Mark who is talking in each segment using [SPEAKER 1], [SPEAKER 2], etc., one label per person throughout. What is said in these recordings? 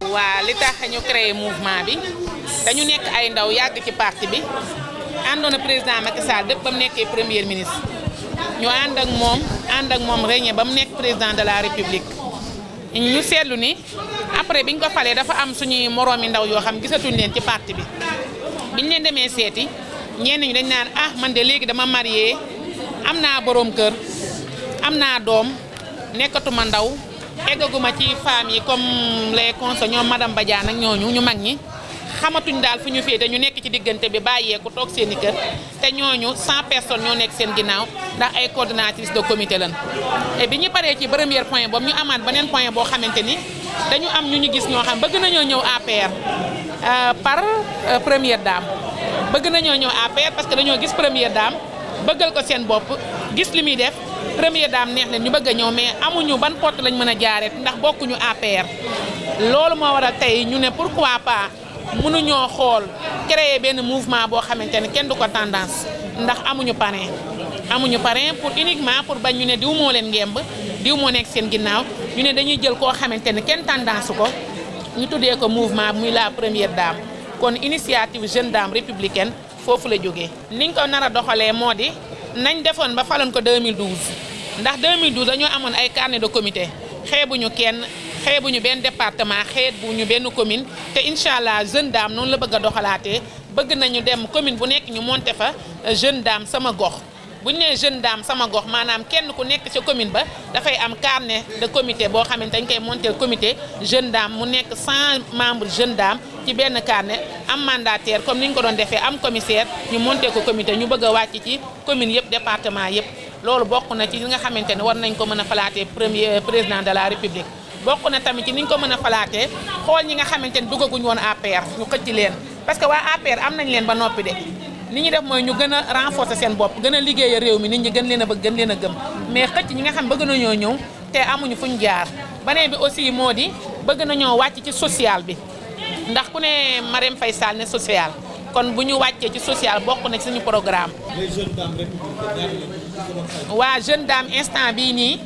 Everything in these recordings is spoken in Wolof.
[SPEAKER 1] waa li tax ñu créé mouvement bi dañu nekk ay ndaw yàgg ci parti bi àndoon na président Macky Sall dëpp ba mu nekkee premier ministre ñoo ànd ak moom ànd ak moom régné ba mu nekk président de la république ñu seetlu ni après biñ ko falee dafa am suñuy moroomi ndaw yoo xam gisatuñ leen ci parti bi biñ leen demee seeti ñenn ñi dañ naan ah man de léegi dama marié am naa boroom kër am naa doom nekkatuma ndaw eggaguma ci femmes yi comme les conseils ñoom madame Badiane ak ñooñu ñu mag ñi xamatuñ daal fu ñu féete ñu nekk ci diggante bi bàyyeeku toog seen i kër te ñooñu 100 personnes ñoo nekk seen ginnaaw ndax ay coordinatrices de comité lan te bi ñu paree ci premier point boobu ñu amaat beneen point boo xamante ni dañu am ñu ñu gis ñoo xam bëgg nañoo ñëw APR euh, par euh, première dame bëgg nañoo ñëw APR parce que dañoo gis première dame. bëggal ko seen bopp gis li muy def premier dame neex leen ñu bëgg a ñëw mais amuñu ban porte lañ mën a jaaree ndax bokkuñu APR loolu moo waral tey ñu ne pour pourquoi pas mënuñoo xool créer benn mouvement boo xamante ne kenn du ko tendance ndax amuñu parrain amuñu parrain pour uniquement pour bañ ñu ne diw moo leen ngemb diw moo nekk seen ginnaaw ñu ne dañuy jël koo xamante ne kenn tendance ko ñu tuddee ko mouvement muy la première dame kon initiative jeune dame républicaine foofu la jógee liñ ko nar a doxalee moo di nañ defoon ba faloon ko 2012 ndax 2012 dañoo amoon ay carnet de comité ñu kenn xeebuñu benn département ñu benn commune te incha allah jeune daam noonu la bëgg a doxalaatee bëgg nañu dem commune bu nekk ñu monter fa jeune dame sama gox. bu ñu nee jeune dame sama gox maanaam kenn ku nekk ca commune ba dafay am carnet de comité boo xamante dañ koy monter comité jeune dame mu nekk 100 membres jeune dame ci benn carnet am mandataire comme ni ñu ko doon defee am commissaire ñu monter ko comité ñu bëgg wàcc ci commune yëpp département yëpp loolu bokk na ci li nga xamante ne war nañ ko mën a falaatee premier euh, président de la république bokk na tamit ci ni ñu ko mën a falaatee xool ñi nga xamante ne duggaguñ woon APR ñu xëcc leen parce que waa APR am nañ leen ba noppi de li ñuy def mooy ñu gën a renforcer seen bopp gën a liggéey réew mi nit ñi gën leen a bëgg gën leen a gëm mais xëcc ñi nga xam bëgg nañoo ñëw te amuñu fuñ jaar beneen bi aussi moo di bëgg nañoo wàcc ci social bi ndax ku ne Marème fay Sall ne social kon bu ñu wàccee ci social bokk na ci suñu programme waa jeune dame instant bii nii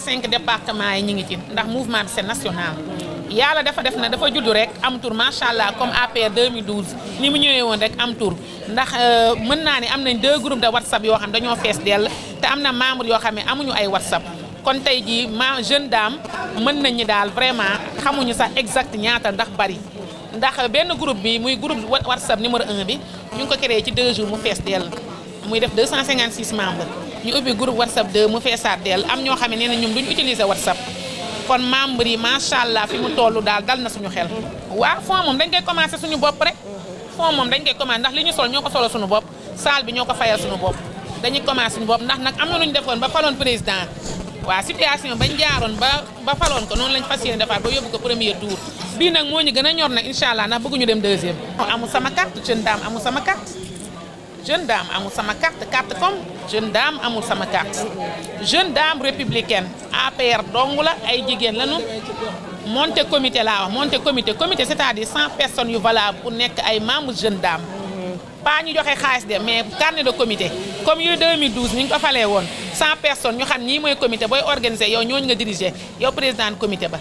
[SPEAKER 1] cinq départements yi ñu ngi ci ndax mouvement bi c'est national yàlla dafa def na dafa judd rek am tour macha allah comme APR 2012 ni mu ñëwee woon rek am tour ndax euh, mën naa ni am nañ deux groupes de WhatsApp yoo xam dañoo fees dell te am na membre yoo xam ne amuñu ay WhatsApp kon tey jii ma jeune dame mën nañu daal vraiment xamuñu sax exact ñaata ndax bari ndax benn groupe bi muy groupe WhatsApp numéro 1 bi ñu ngi ko créé ci deux jours mu fees dell muy def 256 membres ñu ubbi groupe whatsapp 2 mu feesaat dell am ñoo xam ne nee na ñoom duñu utiliser whatsapp kon membres yi macha allah fi mu toll daal dal na suñu xel. waaw fond moom dañ koy commencé suñu bopp rek. fond moom dañ koy commencé ndax li ñu sol ñoo ko solo suñu bopp salle bi ñoo ko fayal suñu bopp dañuy commencé suñu bopp ndax nag am na lu ñu defoon ba faloon président. waaw situation bañ jaaroon ba ba faloon ko noonu lañ ko premier tour bii moo ñu gën a ñor nag incha allah ndax bëgguñu dem deuxième. amul sama carte jeune sama carte. jeune dame amul sama carte carte comme jeune dame amul sama carte jeune dame républicaine APR dong la ay jigéen lañu monté comité laa wax monte comité comité c'est-à-dire cent personnes yu valable pour nekk ay membres jeune dame ñu joxe xaalis de mais carnet de comité comme yooyu 2012 ni ñu ko falee woon cent personnes ñu xam ñii mooy comité booy organiser yow ñooñu nga diriger yow président comité ba